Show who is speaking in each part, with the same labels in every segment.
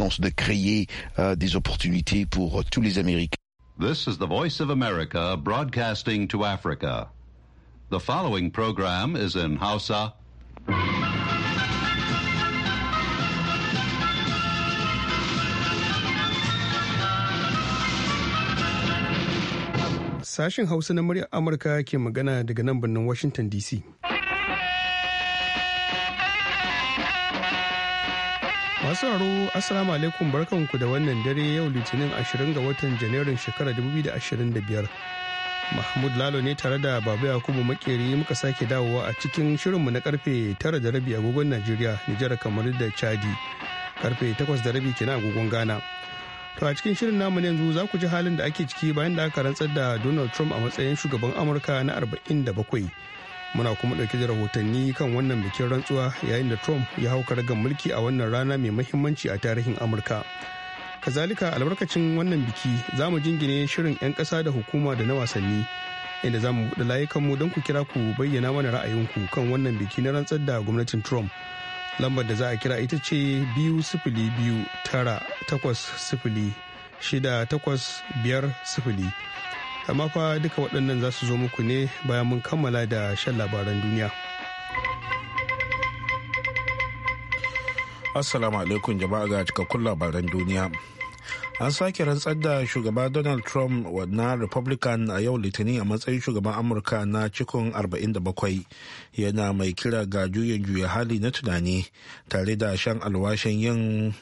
Speaker 1: l'importance de créer euh, des opportunités pour euh, tous les Américains.
Speaker 2: This is the Voice of America broadcasting to Africa. The following program is in Hausa.
Speaker 3: Sashen Hausa na muryar Amurka ke magana daga nan birnin Washington DC. Masu aro Assalamu alaikum barkanku da wannan dare yau Litinin 20 ga watan Janairun shekarar 2025. Mahmud Lalo ne tare da Babu Yakubu Makeri muka sake dawowa a cikin shirinmu na karfe 9 da rabi agogon Najeriya, Nijar kamar da Chadi. Karfe 8 da rabi kenan agogon Ghana. To a cikin shirin namu yanzu za ku ji halin da ake ciki bayan da aka rantsar da Donald Trump a matsayin shugaban Amurka na 47. muna kuma ɗauke da rahotanni kan wannan bikin rantsuwa yayin da trump ya hau karagar mulki a wannan rana mai mahimmanci a tarihin amurka kazalika albarkacin wannan biki za mu jingine shirin 'yan ƙasa da hukuma da na wasanni inda za mu buɗe layukanmu don ku kira ku bayyana mana ra'ayinku kan wannan biki na rantsar da gwamnatin trump lambar da za a kira ita ce biyu sifili biyu tara takwas sifili shida takwas biyar sifili amma fa duka waɗannan za su zo muku ne bayan mun kammala da shan labaran duniya.
Speaker 1: Assalamu alaikum jama'a ga cikakkun labaran duniya. An sake rantsar da shugaba Donald Trump na Republican a yau Litinin a matsayin shugaban Amurka na cikin 47 yana mai kira ga juyin juya hali na tunani tare da shan alwashin yin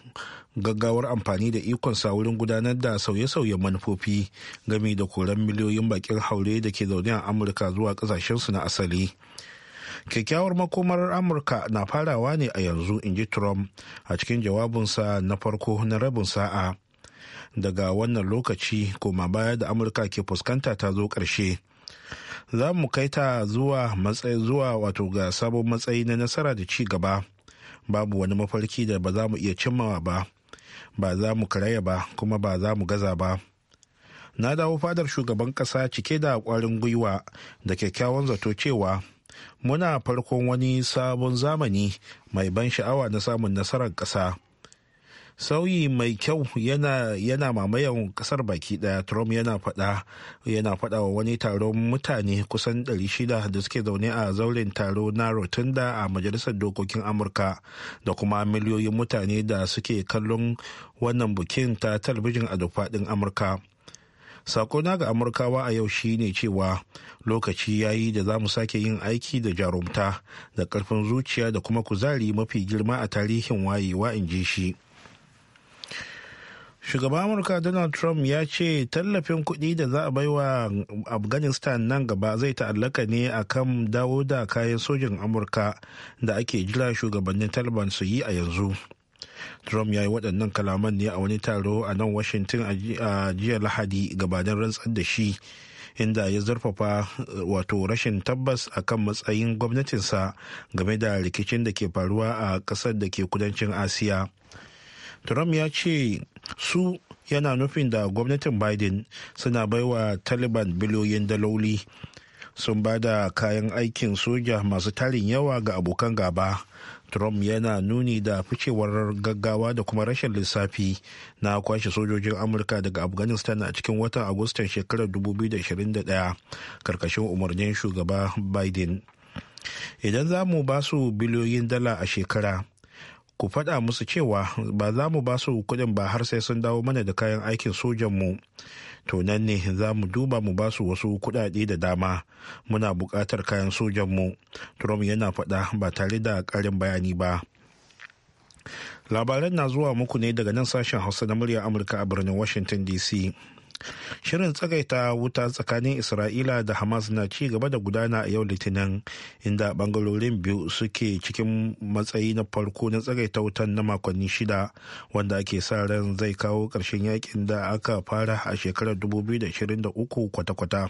Speaker 1: gaggawar amfani da ikon sa wurin gudanar da sauye-sauyen manufofi game da koran miliyoyin bakin haure da ke zaune a amurka zuwa su na asali kyakkyawar makomar amurka na farawa ne a yanzu in ji trump a cikin jawabinsa na farko na rabin sa'a daga wannan lokaci koma baya da amurka ke fuskanta ta zo ƙarshe. za mu kai ta zuwa matsayi zuwa wato ga sabon matsayi na nasara da ci gaba babu wani mafarki da ba za mu iya cimmawa ba ba za mu karaya ba kuma ba za mu gaza ba na dawo fadar shugaban kasa cike da kwarin gwiwa da kyakkyawan zato cewa muna farkon wani sabon zamani mai ban sha'awa na samun nasarar kasa sauyi mai kyau yana yana mamayan kasar baki daya trump yana fada yana fada wa wani taron mutane kusan 600 da suke zaune a zauren taro na rotunda a majalisar dokokin amurka da kuma miliyoyin mutane da suke kallon wannan bukin ta talabijin a duk fadin amurka sakona ga amurkawa a yau shine cewa lokaci ya yi da za mu sake yin aiki da jarumta da karfin zuciya da kuma kuzari mafi girma a tarihin wayewa in ji shi shugaban amurka donald trump ya ce tallafin kuɗi da za a bai wa afghanistan nan gaba zai ta'allaka ne a kan dawo da kayan sojin amurka da ake jira shugabannin taliban su yi a yanzu trump ya yi waɗannan kalaman ne a wani taro a nan washington a jiya lahadi gabanin rantsar da shi inda ya zurfafa eh, wato rashin tabbas a kan matsayin gwamnatinsa game da rikicin da ke faruwa a ƙasar da ke kudancin asiya trump ya ce su yana nufin da gwamnatin biden suna baiwa taliban biliyoyin daloli sun ba da kayan aikin soja masu tarin yawa ga abokan gaba trump yana nuni da ficewar gaggawa da kuma rashin lissafi na kwashe sojojin amurka daga afghanistan a cikin watan agustan shekarar 2021 karkashin umarnin shugaba biden idan za mu ba su biliyoyin dala a shekara ku faɗa musu cewa ba za mu ba su kuɗin ba har sai sun dawo mana da kayan aikin sojanmu to nan ne za mu duba mu ba su wasu kuɗaɗe da dama muna buƙatar kayan sojanmu trump yana faɗa ba tare da ƙarin bayani ba labaran na zuwa muku ne daga nan sashen hausa na murya amurka a birnin washington dc shirin tsagaita wuta tsakanin isra'ila da hamas na ci gaba da gudana a yau litinin inda bangarorin biyu suke cikin matsayi na farko na tsagaita wutan na makonni shida wanda ake sa ran zai kawo ƙarshen yakin da aka fara a shekarar 2023 kwata-kwata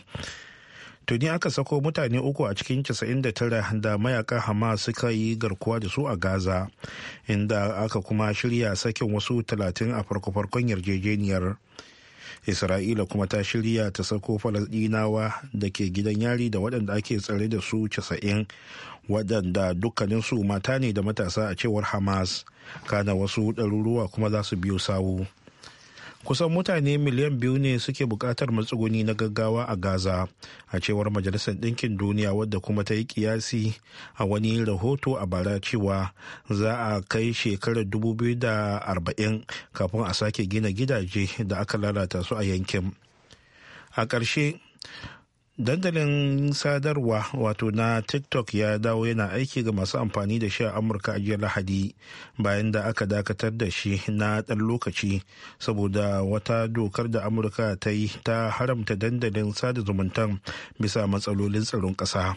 Speaker 1: tuni aka sako mutane uku a cikin 99 da mayakan hamas suka yi garkuwa da su a gaza inda aka kuma shirya sakin wasu 30 a farko-farkon yarjejeniyar isra'ila kuma ta shirya ta sako falasdinawa da ke gidan yari da waɗanda ake tsare da su 90 waɗanda su mata ne da matasa a cewar hamas kana wasu ɗaruruwa kuma za su biyo sawu kusan mutane miliyan biyu ne suke bukatar matsuguni na gaggawa a gaza a cewar majalisar ɗinkin duniya wadda kuma ta yi kiyasi a wani rahoto a bara cewa za a kai shekarar 2040 kafin a sake gina gidaje da aka lalata su a yankin a ƙarshe dandalin sadarwa wato na tiktok ya dawo yana aiki ga masu amfani da shi a amurka a jiya lahadi bayan da aka dakatar da shi na ɗan lokaci saboda wata dokar da amurka ta yi ta haramta dandalin sada zumuntan bisa matsalolin tsaron ƙasa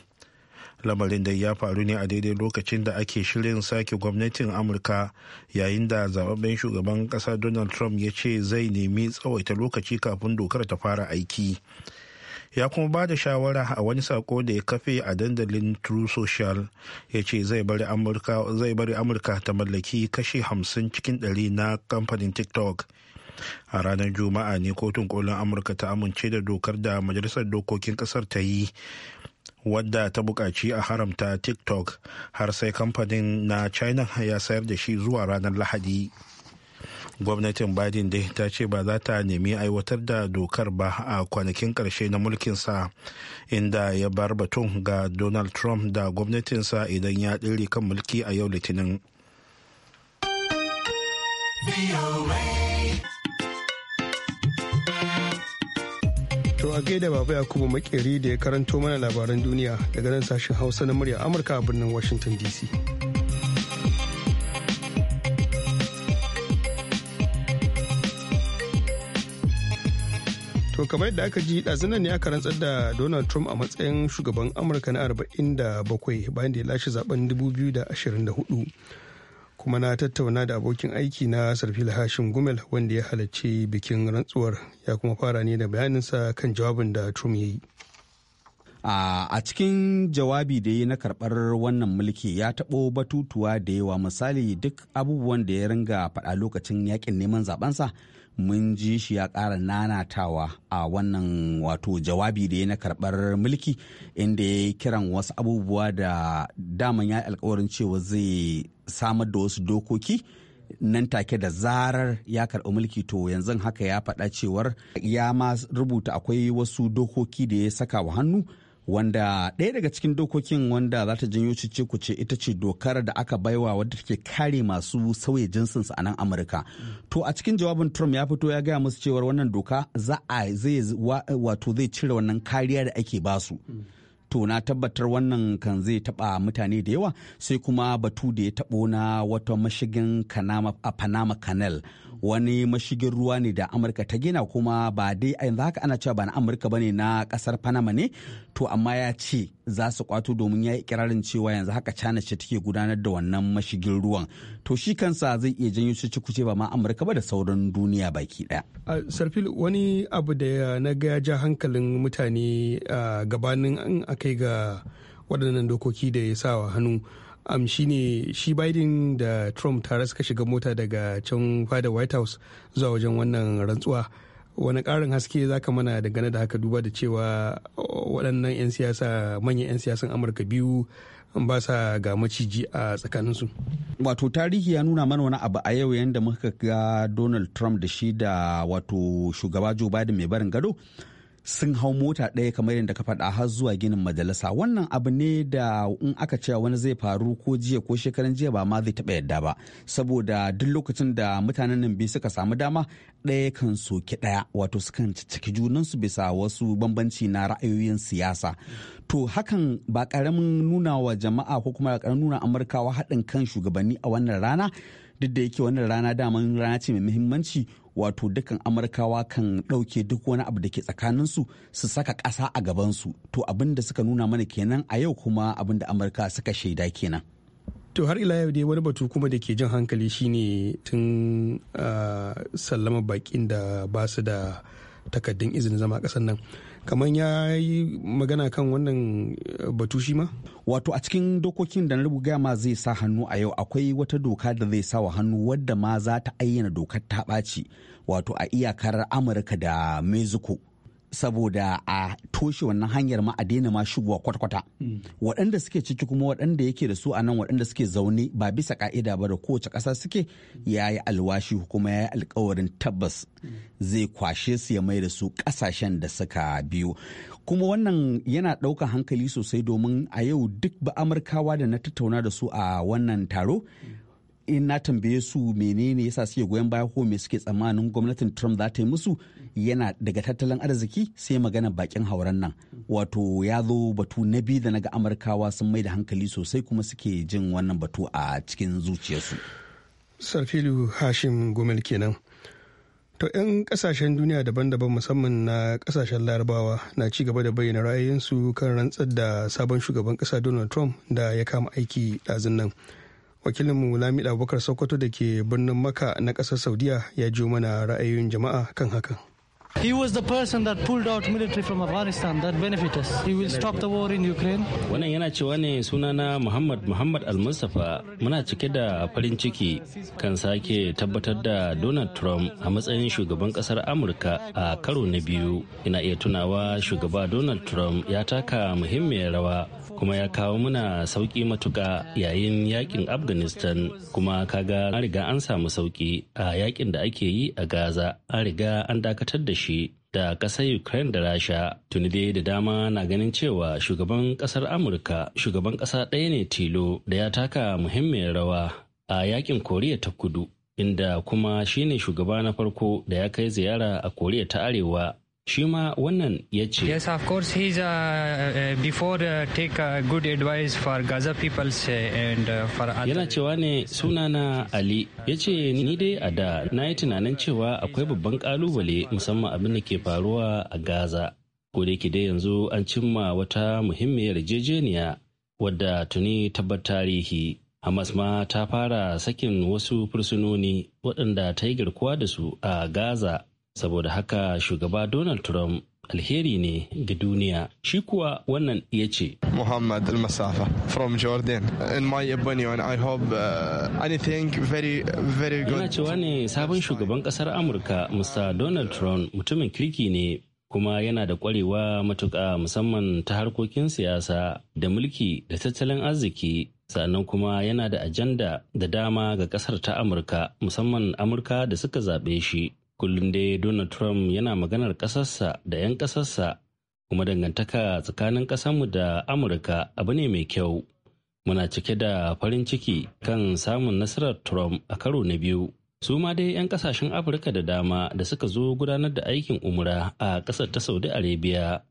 Speaker 1: lamarin da ya faru ne a daidai lokacin da ake shirin sake gwamnatin amurka yayin da zababben shugaban ƙasa donald trump ya ce zai nemi tsawaita lokaci kafin dokar ta fara aiki. ya kuma ba da shawara a wani sako da ya kafe a dandalin true social ya ce zai bari amurka ta mallaki kashi 50 cikin 100 na kamfanin tiktok a ranar juma'a ne kotun kolin amurka ta amince da dokar da majalisar dokokin kasar ta yi wadda ta bukaci a haramta tiktok har sai kamfanin na china ya sayar da shi zuwa ranar lahadi gwamnatin biden dai ta ce ba za ta nemi aiwatar da dokar ba a kwanakin karshe na mulkinsa inda ya bar batun ga donald trump da gwamnatinsa idan ya dire kan mulki a yau litinin
Speaker 3: To a gaida baba Yakubu makeri da ya karanto mana labaran duniya daga nan sashen Hausa na murya Amurka a birnin Washington DC. To kamar yadda aka ji ɗazunan ne aka rantsar da Donald Trump a matsayin shugaban Amurka na 47 bayan da ya lashe zaben 2024. Kuma na tattauna da abokin aiki na Sarfila Hashim Gumel wanda ya halarci bikin rantsuwar ya kuma fara ne da bayaninsa kan jawabin da Trump ya yi.
Speaker 2: A cikin jawabi da ya na karɓar wannan mulki ya taɓo batutuwa da yawa misali duk abubuwan da ya ringa faɗa lokacin yakin neman zabensa. mun ji shi ya ƙara nanatawa a wannan wato jawabi da ya na karɓar mulki inda ya kiran wasu abubuwa da daman ya alkawarin cewa zai samar da wasu dokoki nan take da zarar ya karɓi mulki to yanzu haka ya faɗa cewar ya ma rubuta akwai wasu dokoki da ya saka wa hannu wanda ɗaya daga cikin dokokin wanda za ta janyo cice kuce ita ce dokar da aka baiwa wadda take kare masu sauya jinsinsu a nan amurka to a cikin jawabin trump ya fito ya gaya musu cewar wannan doka za a zai wato zai cire wannan kariya da ake basu to na tabbatar wannan kan zai taba mutane da yawa sai kuma batu da ya tabo na wata mashigin a panama canal wani mashigin ruwa ne da amurka ta gina kuma ba dai a yanzu haka ana cewa ba na amurka ba ne na kasar panama ne to amma ya ce za su kwato domin ya yi kirarin cewa yanzu haka china ce take gudanar da wannan mashigin ruwan to shi kansa zai iya janyo ci kuce ba ma amurka ba da sauran duniya baki daya
Speaker 3: sarfil wani abu da na ga ja hankalin mutane gabanin an akai ga waɗannan dokoki da ya sa wa hannu um, shine shi biden da trump tare suka shiga mota daga can fada white house zuwa wajen wannan rantsuwa wani karin haske za ka mana dangane da haka duba da cewa uh, waɗannan 'yan siyasa manyan 'yan siyasan amurka biyu ba sa ga
Speaker 2: maciji a tsakaninsu. Wato tarihi ya nuna mana wani abu a yau yadda muka ga Donald Trump da shi da wato shugaba Joe Biden mai barin gado sun hau mota ɗaya kamar yadda ka faɗa har zuwa ginin majalisa wannan abu ne da in aka cewa wani zai faru ko jiya ko shekaran jiya ba ma zai taɓa yadda ba saboda duk lokacin da mutanen nan biyu suka samu dama ɗaya kan soki ɗaya wato sukan ciki junansu bisa wasu bambanci na ra'ayoyin siyasa to hakan ba ƙaramin nuna wa jama'a ko kuma ƙaramin nuna amurkawa haɗin kan shugabanni a wannan rana duk da yake wannan rana daman rana ce mai muhimmanci wato dukkan amurkawa kan ɗauke duk wani abu da ke tsakaninsu su saka ƙasa a gabansu to abin da suka nuna mana kenan a yau kuma abin da amurka suka shaida kenan
Speaker 3: to har ila yau dai wani batu kuma da ke jin hankali shine tun ah, sallama bakin da ba su da takaddun izinin zama a ƙasar nan kamar
Speaker 2: ya yi magana kan wannan eh, batu shi ma? Wato a cikin dokokin da na rubuga ma zai sa hannu a yau akwai wata doka da zai sa wa hannu wadda ma za ta ayyana dokar ta ɓaci wato a iyakar Amurka da Mexico saboda a toshe wannan hanyar ma a daina ma shigowa kwata-kwata hmm. waɗanda suke ciki kuma waɗanda yake da su a nan waɗanda suke zaune ba bisa ka'ida ba da kowace ƙasa suke ya yi alwashi kuma ya yi alkawarin tabbas zai kwashe su ya mai da su ƙasashen da suka biyu kuma wannan yana ɗaukar hankali sosai domin a yau duk ba amurkawa da na tattauna da su a wannan taro in na tambaye su menene yasa suke goyon baya ko me suke tsammanin gwamnatin Trump za ta yi musu yana daga tattalin arziki sai magana bakin hauran nan wato ya zo batu na biyu da naga amurkawa sun mai da hankali sosai kuma suke jin wannan batu a cikin zuciyarsu
Speaker 3: sarfilu hashim gomel kenan To 'yan kasashen duniya daban-daban musamman na kasashen larabawa na ci gaba da bayyana ra'ayinsu kan rantsar da sabon shugaban kasa Donald Trump da ya kama aiki ɗazun nan. wakilin Wakilinmu Lamida Abubakar Sokoto da ke birnin Maka na ƙasar Saudiya ya jiyo mana ra'ayoyin jama'a kan hakan.
Speaker 4: He was the person that pulled out military from Afghanistan that benefit us. He will stop the war in Ukraine. Wannan yana cewa ne sunana Muhammad Muhammad Al-Mustafa muna cike da farin ciki kan sake tabbatar da Donald Trump a matsayin shugaban kasar Amurka a karo na biyu. Ina iya tunawa shugaba Donald Trump ya taka muhimmiyar rawa kuma ya kawo muna sauki matuka yayin yakin afghanistan kuma kaga an riga an samu sauki a yakin da ake yi a gaza an riga an dakatar da shi da ƙasar ukraine da rasha tuni dai da dama na ganin cewa shugaban ƙasar amurka shugaban ƙasa ɗaya ne tilo da ya taka muhimmiyar rawa a yakin koriya ta kudu inda kuma shine shugaba na farko da ya kai ziyara a koriya ta arewa shi ma wannan ya ce yes of course he's uh, uh, uh before uh, take uh, good advice for gaza people uh, and uh, for other... yana cewa ne sunana ali ya ce ni dai a da na yi tunanin cewa akwai babban kalubale musamman abin da ke faruwa a gaza ko da dai yanzu an cimma wata muhimmiyar jejeniya wadda tuni tabbar tarihi Hamas ma ta fara sakin wasu fursunoni waɗanda ta yi garkuwa da su a Gaza saboda haka shugaba donald trump alheri ne ga duniya shi kuwa wannan ya ce muhammad almasafa from jordan in my
Speaker 1: opinion i hope uh, anything very
Speaker 4: very good yana cewa ne sabon shugaban kasar amurka mr donald trump mutumin kirki ne kuma yana da kwarewa matuƙa musamman ta harkokin siyasa da mulki da tattalin arziki sannan kuma yana da ajanda da dama ga kasar ta amurka musamman amurka da suka zaɓe shi Kullum dai Donald Trump yana maganar ƙasarsa da 'yan ƙasarsa kuma dangantaka tsakanin kasanmu da Amurka abu ne mai kyau. Muna cike da farin ciki kan samun nasarar Trump a karo na biyu. Su ma dai 'yan kasashen Afirka da dama da suka zo gudanar da aikin umra a ƙasar ta Saudi Arabia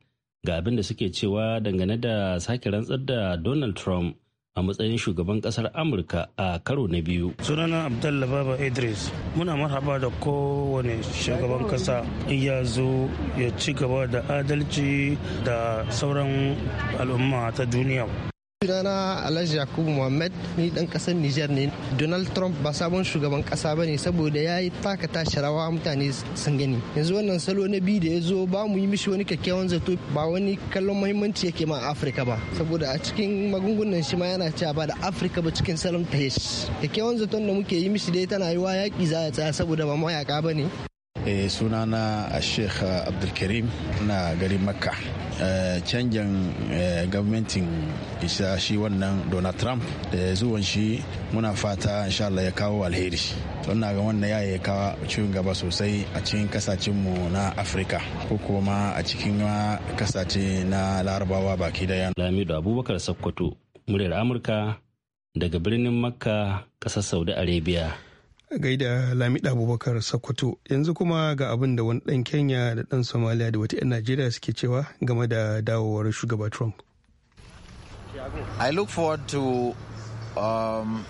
Speaker 4: ga abin da suke cewa dangane da sake rantsar da Donald Trump a matsayin shugaban kasar amurka a karo na biyu sunana abdullababa baba idris muna marhaba da kowane shugaban kasa ya zo ya ci gaba da adalci da sauran al'umma ta duniya
Speaker 2: sunana alhaji yakubu muhammad ni dan kasar niger ne donald trump ba sabon shugaban kasa ba ne saboda ya yi takata sharawa rawa mutane sun gani yanzu wannan salo na biyu da ya zo ba mu yi mishi wani kyakkyawan zato ba wani kallon muhimmanci yake ma afirka ba saboda a cikin magungunan shi ma yana cewa ba da afirka ba cikin salon tahesh kyakkyawan zaton da muke yi mishi dai tana wa yaƙi za a tsaya saboda ba mayaka ba ne
Speaker 4: Eh, sunana eh, sheikh abdulkarim na garin makka eh, canjin gwamnatin isa shi wannan donald trump da
Speaker 1: zuwan shi muna fata Allah ya kawo alheri na ga wannan ya kawo ciwon gaba sosai a cikin kasashenmu na afirka ko kuma a cikin
Speaker 4: kasace na larabawa baki da daya lamido abubakar sakkwato muryar amurka daga birnin makka kasar saudi arabia
Speaker 3: gaida lamida abubakar sokoto yanzu kuma ga abin da wani dan kenya da dan somalia da wata 'yan najeriya suke cewa game da dawowar shugaba trump
Speaker 2: i look forward to um,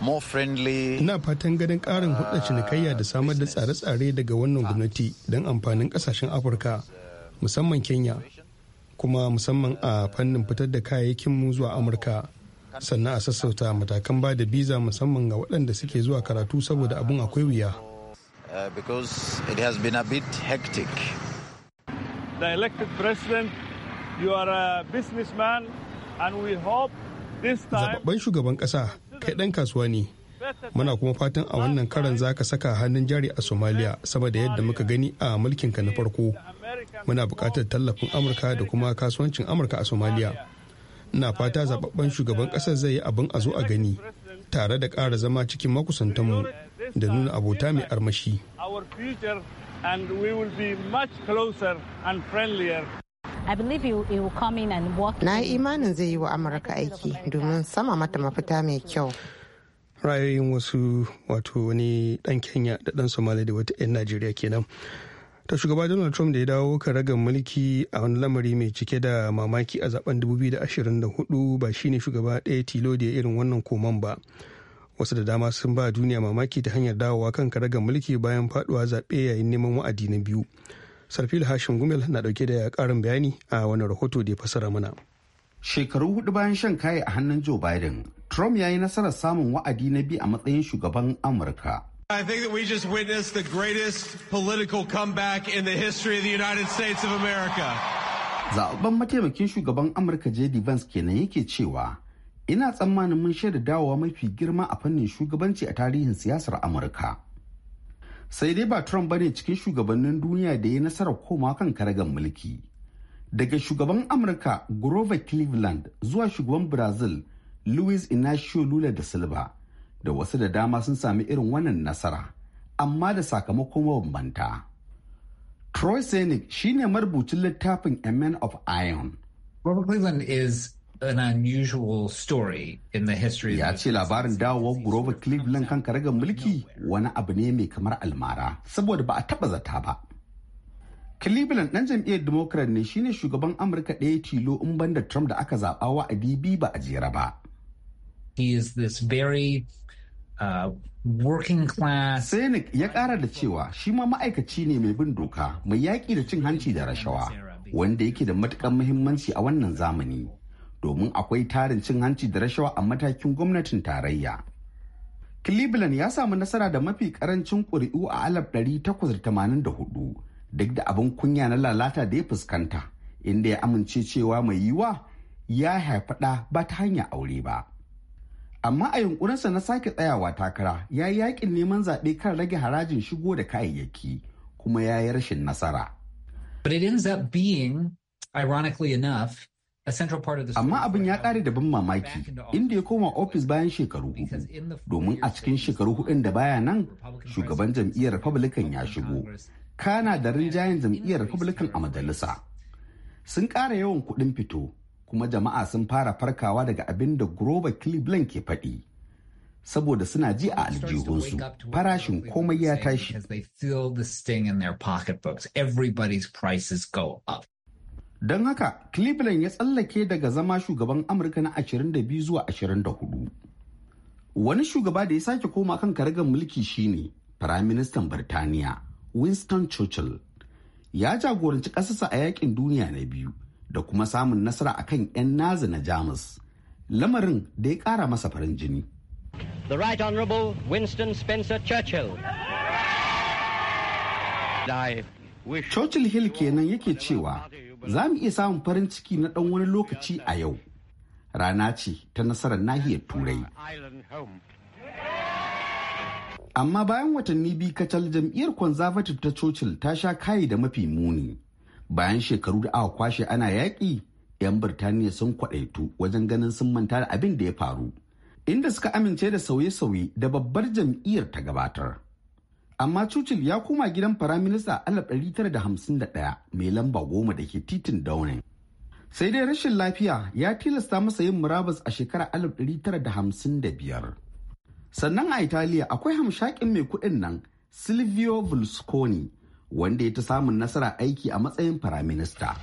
Speaker 2: more ina fatan ganin karin uh, hudda cinikayya da samar
Speaker 3: da tsare-tsare daga wannan gwamnati don amfanin kasashen afirka musamman kenya kuma musamman a fannin fitar da kayayyakin mu zuwa amurka sannan a sassauta matakan ba da biza musamman ga waɗanda suke zuwa karatu saboda abun akwai wuya Zababban uh, shugaban ƙasa, kai ɗan kasuwa ne. Muna kuma fatan a wannan karan za ka saka hannun jari a Somalia saboda yadda muka gani a mulkinka na farko. Muna bukatar tallafin Amurka da kuma kasuwancin Amurka a Somalia. na fata zababben shugaban ƙasar zai yi abin a zo a gani tare da ƙara zama cikin makusantanmu da nuna abota mai armashi
Speaker 2: na yi imanin zai yi wa amurka aiki domin sama mata mafita mai kyau
Speaker 3: ra'ayoyin wasu wato wani dan kenya da ɗan somalia da wata 'yan najeriya kenan ta shugaba donald trump da ya dawo raga mulki a wani lamari mai cike da mamaki a zaben 2024 ba shine shugaba ɗaya tilo da irin wannan koman ba wasu da dama sun ba duniya mamaki ta hanyar dawowa kan raga mulki bayan faduwa zaɓe yayin neman wa'adi na biyu sarfil hashim gumel na ɗauke da ƙarin bayani
Speaker 2: a wani rahoto da ya fasara mana shekaru hudu bayan shan kaye a hannun joe biden trump ya yi nasarar samun wa'adi na biyu a matsayin shugaban amurka
Speaker 3: I think that we just witnessed the greatest political comeback in the history of the United States of America.
Speaker 2: Zaɓen mataimakin shugaban Amurka J.D. Vance kenan yake cewa, ina tsammanin mun shaida dawowa mafi girma a fannin shugabanci a tarihin siyasar Amurka. Sai dai ba Trump bane cikin shugabannin duniya da ya nasara koma kan karagan mulki. Daga shugaban Amurka Grover Cleveland zuwa shugaban Brazil Luis Inacio Lula da Silva. da wasu da dama sun sami irin wannan nasara amma da sakamakon mabambanta. Troy Senig ne marubucin littafin A Man of Iron. is
Speaker 4: an story in the
Speaker 2: Ya ce labarin dawowa Grover Cleveland kan karagar mulki wani abu ne mai kamar almara saboda ba a taba zata ba. Cleveland ɗan jam'iyyar Democrat ne shine shugaban Amurka ɗaya tilo in banda Trump da aka zaɓa wa bi ba a jera ba. He is this very Uh, working class. ya kara da cewa shi ma ma'aikaci ne mai bin doka mai yaƙi da cin hanci da rashawa wanda yake da matuƙar muhimmanci a wannan zamani domin akwai tarin cin hanci da rashawa a matakin gwamnatin tarayya. Cleveland ya samu nasara da mafi karancin ƙuri'u a 1884 duk da abin kunya na lalata da ya fuskanta inda ya amince cewa mai yiwa ya haifaɗa ba ta hanyar aure ba. amma a yunkurinsa na sake tsayawa takara ya yi yakin neman zaɓe kan rage harajin shigo da kayayyaki kuma ya yi rashin nasara. But it ends Amma abin ya um, ƙare da ban mamaki inda ya koma ofis bayan shekaru hudu domin a cikin shekaru hudun da baya nan shugaban jam'iyyar Republican ya shigo. Kana da rinjayen jam'iyyar Republican a majalisa. Sun ƙara yawan kuɗin fito kuma jama'a sun fara farkawa daga abin da grover cleveland ke faɗi saboda suna ji a aljihunsu farashin komai ya tashi don haka cleveland ya tsallake daga zama shugaban amurka na 22 zuwa 24 wani shugaba da ya sake koma kan karagar mulki shine firaministan birtaniya winston churchill ya jagoranci ƙasarsa a yakin duniya na biyu da kuma samun nasara a kan 'yan nazi na jamus lamarin da ya ƙara masa farin jini the right honorable winston spencer churchill churchill hill kenan yake cewa za mu iya samun farin ciki na ɗan wani lokaci a yau rana ce ta nasarar nahiyar turai amma bayan watanni biyu kacal jam'iyyar conservative ta churchill ta sha kayi da mafi muni bayan shekaru da aka kwashe ana yaƙi 'yan birtaniya sun kwaɗaitu wajen ganin sun manta da abin da ya faru inda suka amince da sauye-sauye da babbar jam'iyyar ta gabatar amma churchill ya koma gidan firaminista a 1951 mai lamba goma da ke titin downing sai dai rashin lafiya ya tilasta masa yin murabus a shekarar 1955 sannan a italiya akwai hamshakin mai kuɗin nan silvio berlusconi wanda ya ta samun nasara aiki a matsayin firaminista.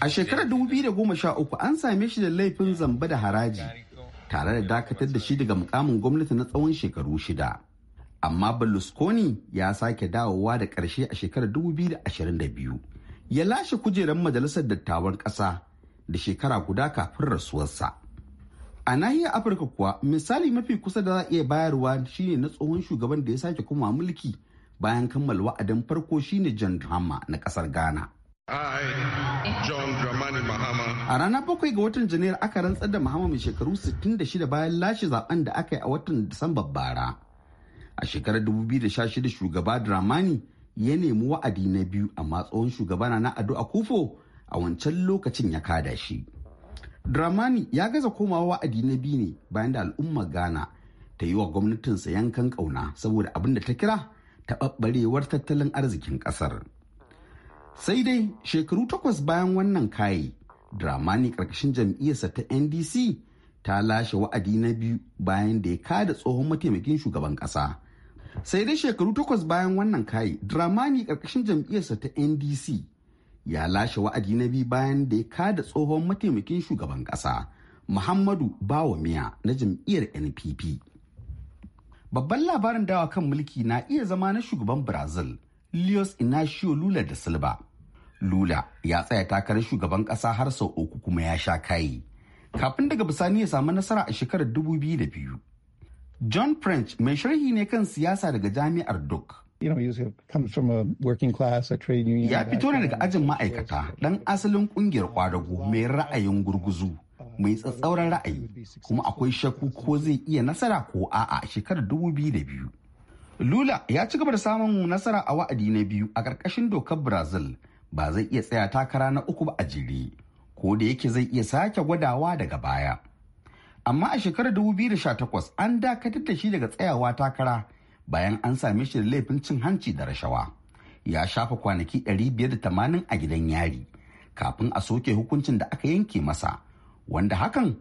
Speaker 2: A shekarar 2013 an same shi da laifin zamba da haraji tare da dakatar da shi daga mukamin gwamnati na tsawon shekaru shida. Amma Berlusconi ya sake dawowa da ƙarshe a shekarar 2022 ya lashe kujerar majalisar dattawan ƙasa da shekara guda kafin rasuwarsa. A nahiyar Afirka kuwa misali mafi kusa da za a iya bayarwa shine na tsohon shugaban da ya sake kuma mulki bayan kammal wa'adin farko shine John Drama na kasar Ghana. A ranar bakwai ga watan Janairu aka rantsar da Mahama mai shekaru 66 bayan lashe zaben da aka yi a watan disamba bara. A shekarar 2016 shugaba Dramani ya nemi wa'adi na biyu amma tsohon shugaba na Ado Akufo a wancan lokacin ya kada shi. Dramani ya gaza komawa wa'adi na biyu ne bayan da al'ummar Ghana ta yi wa gwamnatinsa yankan kauna saboda abin da ta kira taɓaɓɓarewar tattalin arzikin ƙasar. Sai dai shekaru takwas bayan wannan kayi, Dramani ƙarƙashin jam'iyyarsa ta NDC ta lashe wa'adi na biyu bayan da ya kada tsohon mataimakin shugaban ƙasa. Sai dai shekaru takwas bayan wannan kayi, Dramani ƙarƙashin jam'iyyarsa ta NDC ya lashe wa'adi na biyu bayan da ya kada tsohon mataimakin shugaban ƙasa muhammadu bawamiya na jam'iyyar npp babban labarin dawa kan mulki na iya zama na shugaban brazil leos inacio lula da silva lula ya tsaya takarar shugaban ƙasa har sau uku kuma ya sha kayi kafin daga bisani ya samu nasara a shekarar 2002 john french mai sharhi ne kan siyasa daga jami'ar duke Ya fito ne daga ajin ma'aikata ɗan asalin ƙungiyar kwadago mai ra'ayin gurguzu. mai tsatsauran ra'ayi kuma akwai shakku ko zai iya nasara ko a'a a shekarar biyu. Lula ya ci gaba da samun nasara a wa'adi na biyu a ƙarƙashin dokar Brazil ba zai iya tsaya takara na uku ba a jere ko da yake zai iya sake gwadawa daga baya. Amma a shekarar 2018 an dakatar da shi daga tsayawa takara bayan an same shi da laifin cin hanci da rashawa ya shafa kwanaki 580 a gidan yari kafin a soke hukuncin da aka yanke masa wanda hakan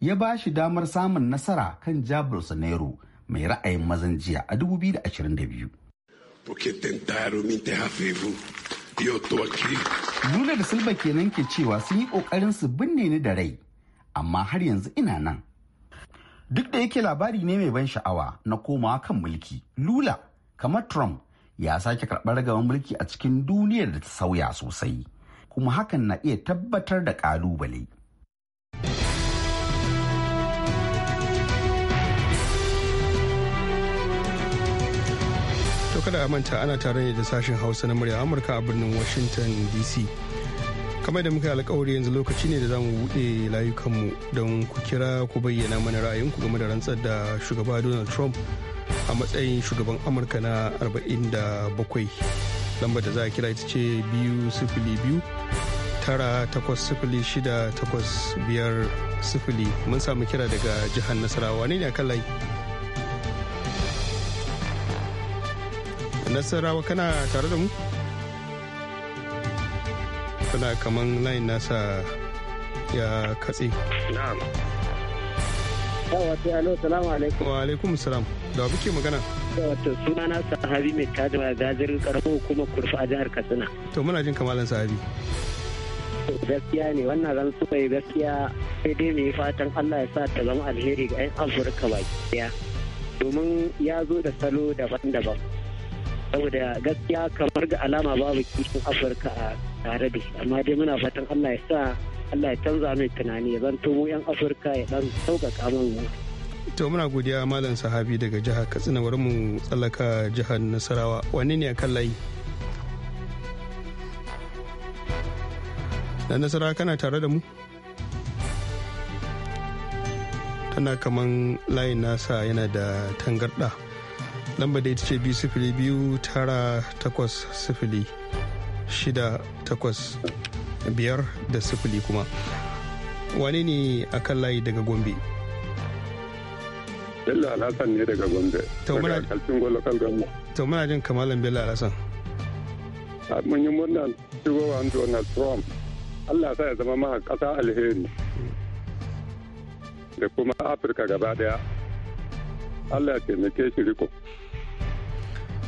Speaker 2: ya ba shi damar samun nasara kan ja sanero mai ra'ayin mazan jiya a 2022 Lula da Silba kenan ke cewa sun yi ƙoƙarin su binne ni da rai, amma har yanzu ina nan. Duk da yake labari ne mai ban sha'awa na komawa kan mulki, Lula, kamar Trump, ya sake karɓar ragaban mulki a cikin duniyar da ta sauya sosai, kuma hakan na iya tabbatar da ƙalubale.
Speaker 3: kada a manta ana tare ne da sashin hausa na murya amurka a birnin washington dc kamar da muka yi alkawari yanzu lokaci ne da za mu buɗe layukanmu don ku kira ku bayyana mana ra'ayinku game da rantsar da shugaba donald trump a matsayin shugaban amurka na 47 lambar da za a kira ita ce biyu biyu tara takwas shida biyar sifili mun samu kira daga jihar nasarawa ne ne akan layi nasarawa kana tare da mu murtala kaman layin nasa ya katse na'am wato alo salamu alaikum wa alaikum salam da kuke magana
Speaker 4: wato suna na sahabi mai tada wa gajirin karamin kuma kurfa a jihar katsina
Speaker 3: to muna jin kamalan sahabi
Speaker 4: gaskiya ne wannan rantsu mai gaskiya sai dai mai fatan allah ya sa ta zama alheri ga 'yan afirka baki daya domin ya zo da salo daban-daban saboda gaskiya kamar ga alama babu kishin afirka a tare da shi amma dai muna fatan allah ya sa allah ya canza mai tunani ya zanto mu
Speaker 1: yan afirka ya dan sauƙaƙa mana
Speaker 3: to muna godiya malam sahabi daga jihar katsina wurin mu tsallaka jihar nasarawa wanne ne a kan layi da nasara kana tare da mu tana kaman layin nasa yana da tangarɗa lamba da ita ce biyu sifili biyu tara takwas sifili shida takwas biyar da sifili kuma wane ne a kan layi daga gombe bello alhassan ne daga gombe daga kalcin golokal jin kamalan bello alhassan mun yi murna
Speaker 4: shigowa donald trump allah sa ya zama maha kasa alheri da kuma afirka gaba daya Allah ya taimake shi riko.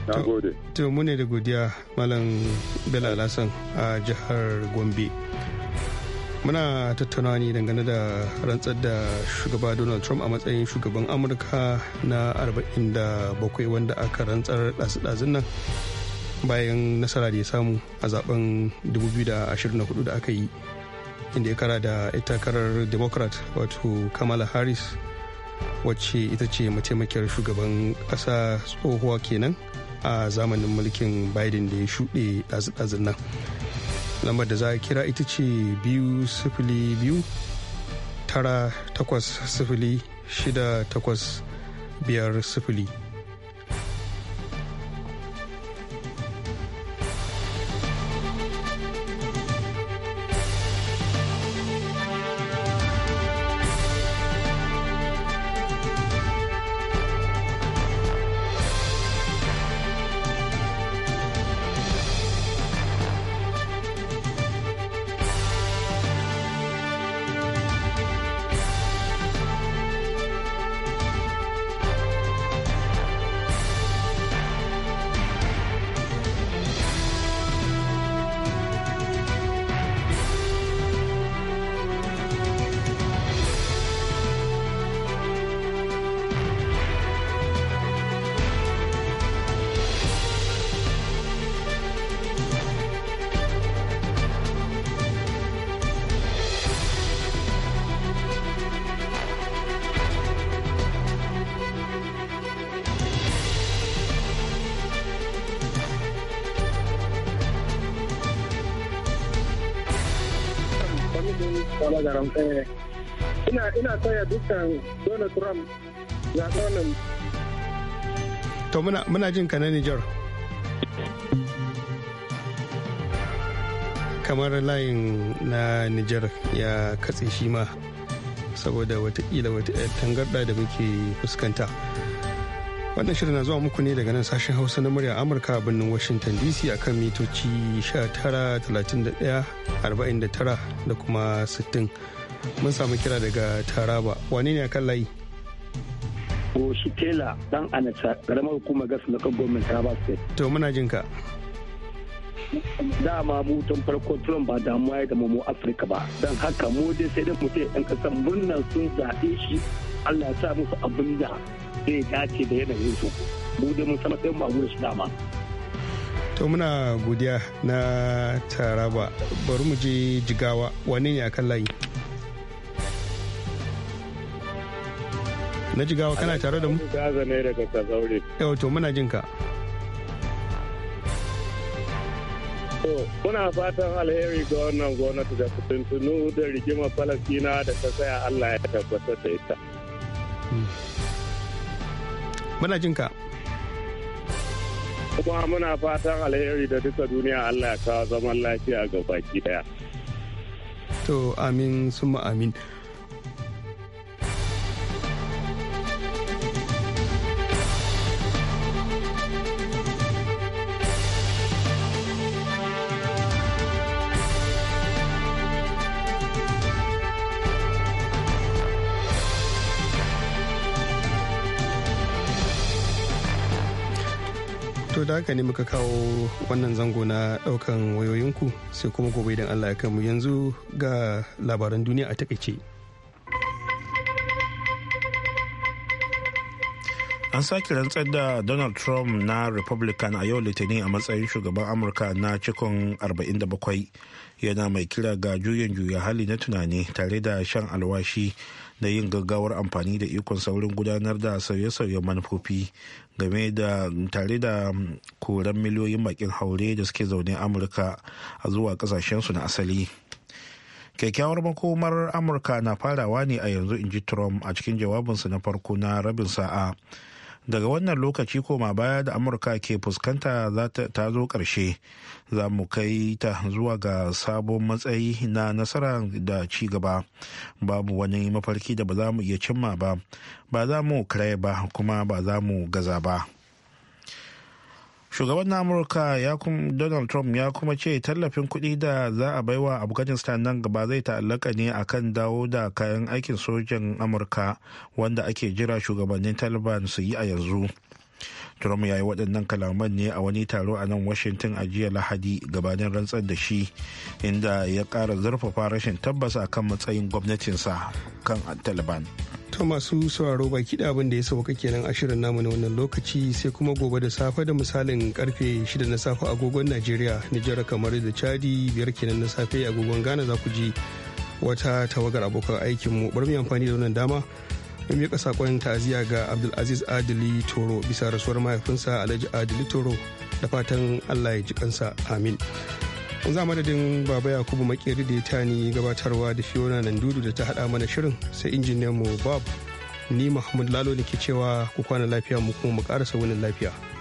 Speaker 4: Na gode.
Speaker 3: To mu ne da godiya Malam Bela Alhassan a jihar Gombe. Muna tattaunawa ne dangane da rantsar da shugaba Donald Trump a matsayin shugaban Amurka na 47 wanda aka rantsar ɗazu nan bayan nasara da ya samu a zaben 2024 da aka yi inda ya kara da ita karar democrat wato kamala harris wacce ita ce mataimakiyar shugaban ƙasa tsohuwa kenan a zamanin mulkin biden da ya shuɗe ɗazu-ɗazun nan lambar da za a kira ita ce biyu sifili biyu tara takwas sifili shida takwas biyar sifili
Speaker 4: ina ina taya dukkan Donald Trump nan.
Speaker 3: To muna muna jin ka na Niger. kamar layin na Nijar ya katse shi ma saboda watakila wata eh, tangarda da muke fuskanta. Wannan shirin na zuwa muku ne daga nan sashen Hausa na murya Amurka a birnin Washington DC akan mitoci 19,31,49 da kuma 60. Mun samu kira daga Taraba. Wane ne akan layi?
Speaker 4: tela dan anasa ƙaramar hukumar gas na kan gwamnati Taraba State.
Speaker 3: To muna jin ka.
Speaker 4: dama mu tun farko Trump ba damuwa ya gama mu Afirka ba don haka mu dai sai da mutum 'yan kasan murnar sun zaɓe shi Allah ya sa musu abin da zai dace da yanayin su mu da mun san matsayin mu a gurin su dama
Speaker 3: to muna godiya na taraba bari mu je jigawa wani ne akan layi na jigawa kana tare da mu
Speaker 1: gaza zane daga kazaure
Speaker 3: yau to muna jin ka
Speaker 4: to muna fatan alheri ga wannan gwamnati da tuntunu da rigimar Falasina da ta tsaya allah ya tabbatar da ita hmm. muna jin ka kuma muna fatan alheri da duka duniya Allah ya kawo zaman
Speaker 1: lafiya ga baki daya
Speaker 3: to amin suma amin haka ne muka kawo wannan zango na daukan wayoyinku sai kuma gobe idan allah ya mu yanzu ga labaran duniya a takaice
Speaker 1: an sake rantsar da donald trump na republican a yau litinin a matsayin shugaban amurka na cikon 47 yana mai kira ga juyin juya hali na tunani tare da shan alwashi da yin gaggawar amfani da ikon saurin gudanar da sauye sauye manufofi game da tare da mm, koran miliyoyin bakin haure da suke zaune amurka a zuwa kasashensu na asali kyakkyawar makomar amurka na farawa ne a yanzu in ji trump a cikin jawabinsa na farko na rabin sa'a daga wannan lokaci koma baya da amurka ke fuskanta ta zo ƙarshe za mu kai ta zuwa ga sabon matsayi na nasara da ci gaba babu wani mafarki da ba za mu iya cimma ba ba za mu kare ba kuma ba za mu gaza ba. shugaban na amurka donald trump ya kuma ce tallafin kuɗi da za a baiwa afghanistan nan gaba zai ta'allaka ne akan dawo da kayan aikin sojan amurka wanda ake jira shugabannin taliban su yi a yanzu trump ya yi waɗannan kalaman ne a wani taro a nan washington a jiya lahadi gabanin rantsar da shi inda ya ƙara zurfafa rashin tabbas akan matsayin gwamnatinsa kan taliban
Speaker 3: To masu sauraro baki da abin da ya sauka kenan a shirin namu na wannan lokaci sai kuma gobe da safe da misalin karfe shida na safe agogon Najeriya, Nijar kamar da Chadi biyar kenan na safe agogon Ghana za ku ji wata tawagar abokan aikin mu bari mu amfani da wannan dama mu miƙa sakon ta'aziyya ga Abdulaziz Adili Toro bisa rasuwar mahaifinsa Alhaji Adili Toro da fatan Allah ya ji kansa amin. za madadin baba yakubu makeri da ya tani gabatarwa da fiona nan dudu da ta hada mana shirin sai injiniyan mu bob ni mahmud lalo ne ke cewa ku kwana lafiya mu kuma mu karasa wunin lafiya